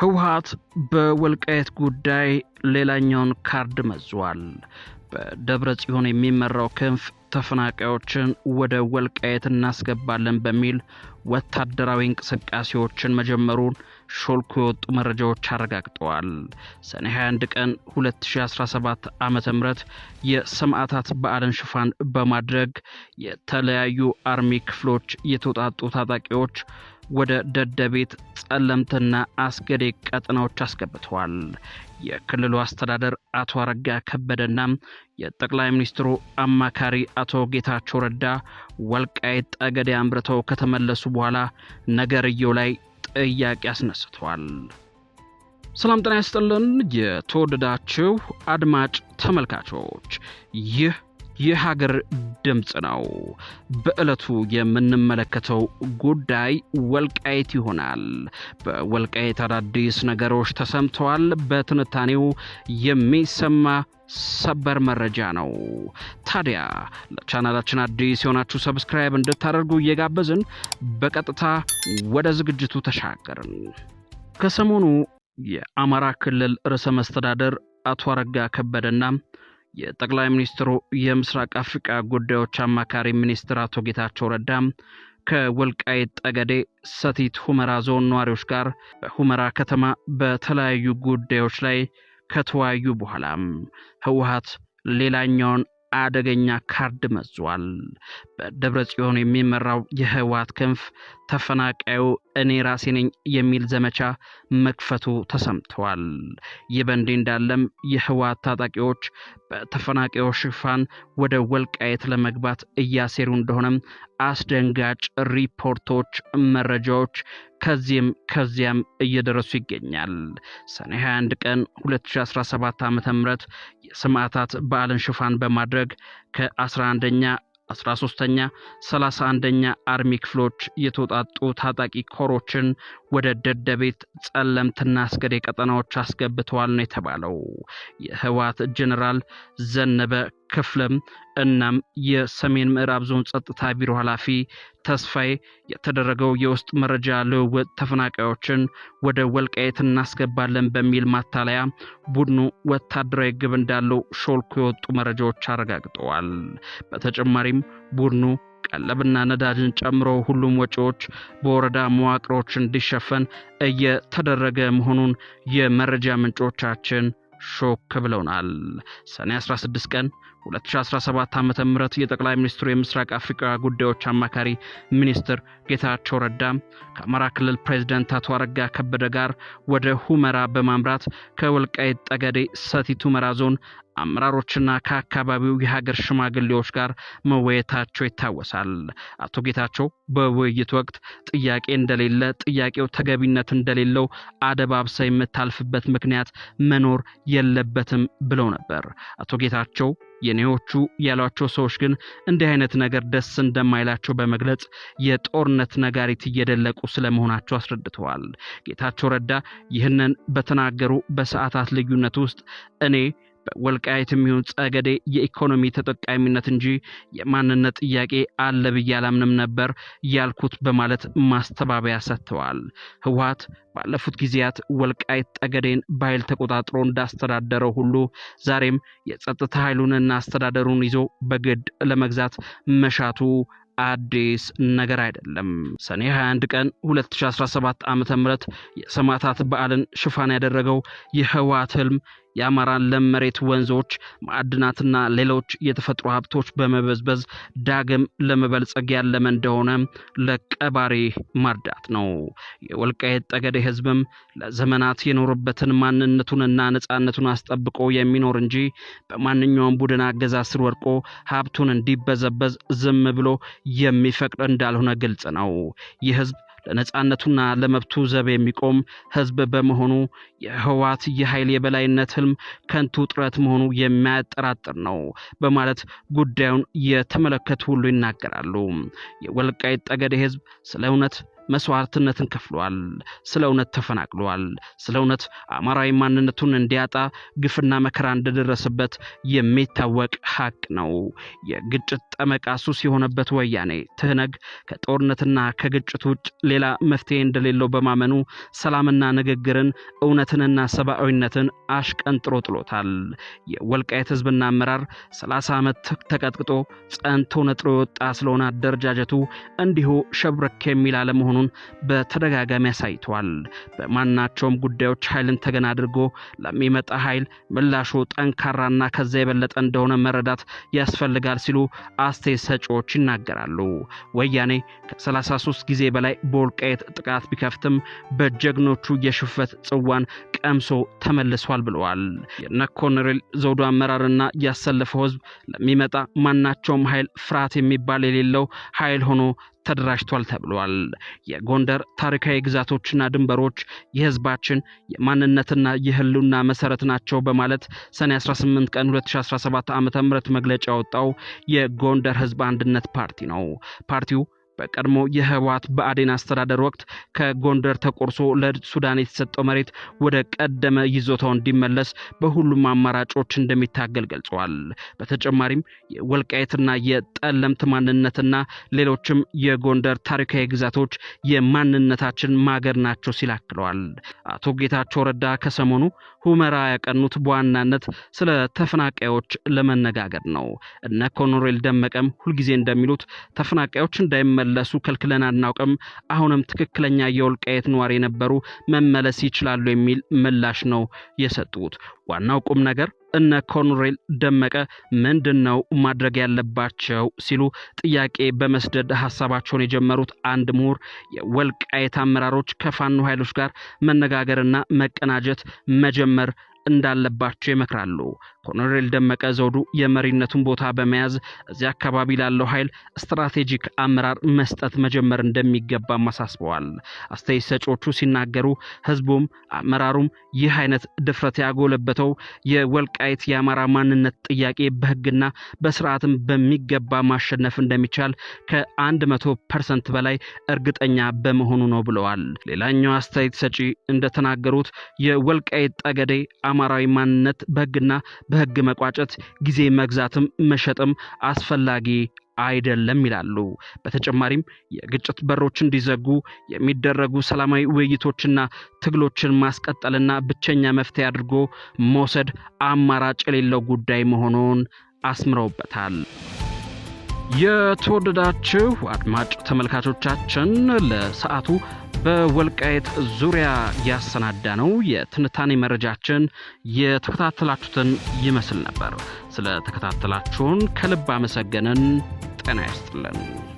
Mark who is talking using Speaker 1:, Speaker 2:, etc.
Speaker 1: ህወሓት በወልቃየት ጉዳይ ሌላኛውን ካርድ መዟል። በደብረ ጽዮን የሚመራው ክንፍ ተፈናቃዮችን ወደ ወልቃየት እናስገባለን በሚል ወታደራዊ እንቅስቃሴዎችን መጀመሩን ሾልኮ የወጡ መረጃዎች አረጋግጠዋል። ሰኔ 21 ቀን 2017 ዓ ም የሰማዕታት በዓልን ሽፋን በማድረግ የተለያዩ አርሚ ክፍሎች የተውጣጡ ታጣቂዎች ወደ ደደቤት፣ ጸለምትና አስገዴ ቀጠናዎች አስገብተዋል። የክልሉ አስተዳደር አቶ አረጋ ከበደና የጠቅላይ ሚኒስትሩ አማካሪ አቶ ጌታቸው ረዳ ወልቃይት ጠገዴ አምርተው ከተመለሱ በኋላ ነገርየው ላይ ጥያቄ አስነስተዋል። ሰላም ጤና ይስጥልን። የተወደዳችሁ አድማጭ ተመልካቾች ይህ የሀገር ድምፅ ነው። በዕለቱ የምንመለከተው ጉዳይ ወልቃይት ይሆናል። በወልቃይት አዳዲስ ነገሮች ተሰምተዋል። በትንታኔው የሚሰማ ሰበር መረጃ ነው። ታዲያ ለቻናላችን አዲስ የሆናችሁ ሰብስክራይብ እንድታደርጉ እየጋበዝን በቀጥታ ወደ ዝግጅቱ ተሻገርን። ከሰሞኑ የአማራ ክልል ርዕሰ መስተዳደር አቶ አረጋ ከበደና የጠቅላይ ሚኒስትሩ የምስራቅ አፍሪቃ ጉዳዮች አማካሪ ሚኒስትር አቶ ጌታቸው ረዳ ከወልቃይት ጠገዴ ሰቲት ሁመራ ዞን ነዋሪዎች ጋር በሁመራ ከተማ በተለያዩ ጉዳዮች ላይ ከተወያዩ በኋላም ህወሀት ሌላኛውን አደገኛ ካርድ መዟል። በደብረ ጽዮን የሚመራው የህወሓት ክንፍ ተፈናቃዩ እኔ ራሴ ነኝ የሚል ዘመቻ መክፈቱ ተሰምተዋል። ይህ በእንዲህ እንዳለም የህወሓት ታጣቂዎች በተፈናቃዮች ሽፋን ወደ ወልቃየት ለመግባት እያሴሩ እንደሆነም አስደንጋጭ ሪፖርቶች፣ መረጃዎች ከዚህም ከዚያም እየደረሱ ይገኛል። ሰኔ 21 ቀን 2017 ዓ ም የሰማዕታት በዓልን ሽፋን በማድረግ ከ11ኛ 13ኛ 31ኛ አርሚ ክፍሎች የተውጣጡ ታጣቂ ኮሮችን ወደ ደደቤት ጸለምትና አስገዴ ቀጠናዎች አስገብተዋል ነው የተባለው። የህወሓት ጀኔራል ዘነበ ክፍልም እናም የሰሜን ምዕራብ ዞን ጸጥታ ቢሮ ኃላፊ ተስፋዬ የተደረገው የውስጥ መረጃ ልውውጥ ተፈናቃዮችን ወደ ወልቃየት እናስገባለን በሚል ማታለያ ቡድኑ ወታደራዊ ግብ እንዳለው ሾልኮ የወጡ መረጃዎች አረጋግጠዋል። በተጨማሪም ቡድኑ ቀለብና ነዳጅን ጨምሮ ሁሉም ወጪዎች በወረዳ መዋቅሮች እንዲሸፈን እየተደረገ መሆኑን የመረጃ ምንጮቻችን ሾክ ብለውናል። ሰኔ 16 ቀን 2017 ዓ ም የጠቅላይ ሚኒስትሩ የምስራቅ አፍሪካ ጉዳዮች አማካሪ ሚኒስትር ጌታቸው ረዳ ከአማራ ክልል ፕሬዚደንት አቶ አረጋ ከበደ ጋር ወደ ሁመራ በማምራት ከወልቃይት ጠገዴ ሰቲት ሁመራ ዞን አመራሮችና ከአካባቢው የሀገር ሽማግሌዎች ጋር መወየታቸው ይታወሳል። አቶ ጌታቸው በውይይት ወቅት ጥያቄ እንደሌለ ጥያቄው ተገቢነት እንደሌለው አደባብሳ የምታልፍበት ምክንያት መኖር የለበትም ብለው ነበር። አቶ ጌታቸው የኔዎቹ ያሏቸው ሰዎች ግን እንዲህ አይነት ነገር ደስ እንደማይላቸው በመግለጽ የጦርነት ነጋሪት እየደለቁ ስለመሆናቸው አስረድተዋል። ጌታቸው ረዳ ይህንን በተናገሩ በሰዓታት ልዩነት ውስጥ እኔ ወልቃየት የሚሆን ጸገዴ የኢኮኖሚ ተጠቃሚነት እንጂ የማንነት ጥያቄ አለ ብዬ አላምንም ነበር ያልኩት በማለት ማስተባበያ ሰጥተዋል። ህወሀት ባለፉት ጊዜያት ወልቃይት ጠገዴን በኃይል ተቆጣጥሮ እንዳስተዳደረው ሁሉ ዛሬም የጸጥታ ኃይሉንና አስተዳደሩን ይዞ በግድ ለመግዛት መሻቱ አዲስ ነገር አይደለም። ሰኔ 21 ቀን 2017 ዓ ም የሰማዕታት በዓልን ሽፋን ያደረገው የህወሀት ህልም የአማራን ለም መሬት፣ ወንዞች፣ ማዕድናትና ሌሎች የተፈጥሮ ሀብቶች በመበዝበዝ ዳግም ለመበልጸግ ያለመ እንደሆነ ለቀባሪ ማርዳት ነው። የወልቃየት ጠገዴ ህዝብም ለዘመናት የኖረበትን ማንነቱንና ነፃነቱን አስጠብቆ የሚኖር እንጂ በማንኛውም ቡድን አገዛዝ ስር ወድቆ ሀብቱን እንዲበዘበዝ ዝም ብሎ የሚፈቅድ እንዳልሆነ ግልጽ ነው። ይህ ህዝብ ለነጻነቱና ለመብቱ ዘብ የሚቆም ህዝብ በመሆኑ የህወሓት የኃይል የበላይነት ህልም ከንቱ ጥረት መሆኑ የሚያጠራጥር ነው በማለት ጉዳዩን የተመለከቱ ሁሉ ይናገራሉ። የወልቃይት ጠገዴ ህዝብ ስለ እውነት መስዋዕትነትን ከፍሏል። ስለ እውነት ተፈናቅሏል። ስለ እውነት አማራዊ ማንነቱን እንዲያጣ ግፍና መከራ እንደደረሰበት የሚታወቅ ሀቅ ነው። የግጭት ጠመቃ ሱስ የሆነበት ወያኔ ትህነግ ከጦርነትና ከግጭት ውጭ ሌላ መፍትሄ እንደሌለው በማመኑ ሰላምና ንግግርን እውነትንና ሰብአዊነትን አሽቀንጥሮ ጥሎታል። የወልቃየት ህዝብና አመራር 30 ዓመት ተቀጥቅጦ ጸንቶ ነጥሮ የወጣ ስለሆነ አደረጃጀቱ እንዲሁ ሸብረክ የሚል አለመሆኑ መሆኑን በተደጋጋሚ አሳይተዋል። በማናቸውም ጉዳዮች ኃይልን ተገን አድርጎ ለሚመጣ ኃይል ምላሹ ጠንካራና ከዛ የበለጠ እንደሆነ መረዳት ያስፈልጋል ሲሉ አስተያየት ሰጪዎች ይናገራሉ። ወያኔ ከ33 ጊዜ በላይ በወልቃየት ጥቃት ቢከፍትም በጀግኖቹ የሽፈት ጽዋን ቀምሶ ተመልሷል ብለዋል። የነ ኮሎኔል ዘውዱ አመራርና ያሰለፈው ህዝብ ለሚመጣ ማናቸውም ኃይል ፍርሃት የሚባል የሌለው ኃይል ሆኖ ተደራጅቷል ተብሏል። የጎንደር ታሪካዊ ግዛቶችና ድንበሮች የህዝባችን የማንነትና የህልውና መሰረት ናቸው በማለት ሰኔ 18 ቀን 2017 ዓ ም መግለጫ ያወጣው የጎንደር ህዝብ አንድነት ፓርቲ ነው። ፓርቲው በቀድሞ የህወሓት ብአዴን አስተዳደር ወቅት ከጎንደር ተቆርሶ ለሱዳን የተሰጠው መሬት ወደ ቀደመ ይዞታው እንዲመለስ በሁሉም አማራጮች እንደሚታገል ገልጸዋል። በተጨማሪም የወልቃየትና የጠለምት ማንነትና ሌሎችም የጎንደር ታሪካዊ ግዛቶች የማንነታችን ማገር ናቸው ሲል አክለዋል። አቶ ጌታቸው ረዳ ከሰሞኑ ሁመራ ያቀኑት በዋናነት ስለ ተፈናቃዮች ለመነጋገር ነው። እነ ኮሎኔል ደመቀም ሁልጊዜ እንደሚሉት ተፈናቃዮች እንዳይመለሱ ከልክለን አናውቅም፣ አሁንም ትክክለኛ የወልቃየት ነዋሪ የነበሩ መመለስ ይችላሉ የሚል ምላሽ ነው የሰጡት። ዋናው ቁም ነገር እነ ኮሎኔል ደመቀ ምንድን ነው ማድረግ ያለባቸው ሲሉ ጥያቄ በመስደድ ሀሳባቸውን የጀመሩት አንድ ምሁር የወልቃይት አመራሮች ከፋኖ ኃይሎች ጋር መነጋገርና መቀናጀት መጀመር እንዳለባቸው ይመክራሉ። ኮሎኔል ደመቀ ዘውዱ የመሪነቱን ቦታ በመያዝ እዚህ አካባቢ ላለው ኃይል ስትራቴጂክ አመራር መስጠት መጀመር እንደሚገባም አሳስበዋል። አስተያየት ሰጪዎቹ ሲናገሩ ህዝቡም አመራሩም ይህ አይነት ድፍረት ያጎለበተው የወልቃይት የአማራ ማንነት ጥያቄ በህግና በስርዓትም በሚገባ ማሸነፍ እንደሚቻል ከአንድ መቶ ፐርሰንት በላይ እርግጠኛ በመሆኑ ነው ብለዋል። ሌላኛው አስተያየት ሰጪ እንደተናገሩት የወልቃይት ጠገዴ አማራዊ ማንነት በህግና በህግ መቋጨት ጊዜ መግዛትም መሸጥም አስፈላጊ አይደለም ይላሉ። በተጨማሪም የግጭት በሮች እንዲዘጉ የሚደረጉ ሰላማዊ ውይይቶችና ትግሎችን ማስቀጠልና ብቸኛ መፍትሄ አድርጎ መውሰድ አማራጭ የሌለው ጉዳይ መሆኑን አስምረውበታል። የተወደዳችሁ አድማጭ ተመልካቾቻችን ለሰዓቱ በወልቃየት ዙሪያ ያሰናዳ ነው የትንታኔ መረጃችን የተከታተላችሁትን ይመስል ነበር። ስለ ተከታተላችሁን ከልብ አመሰገንን። ጤና ይስጥልን።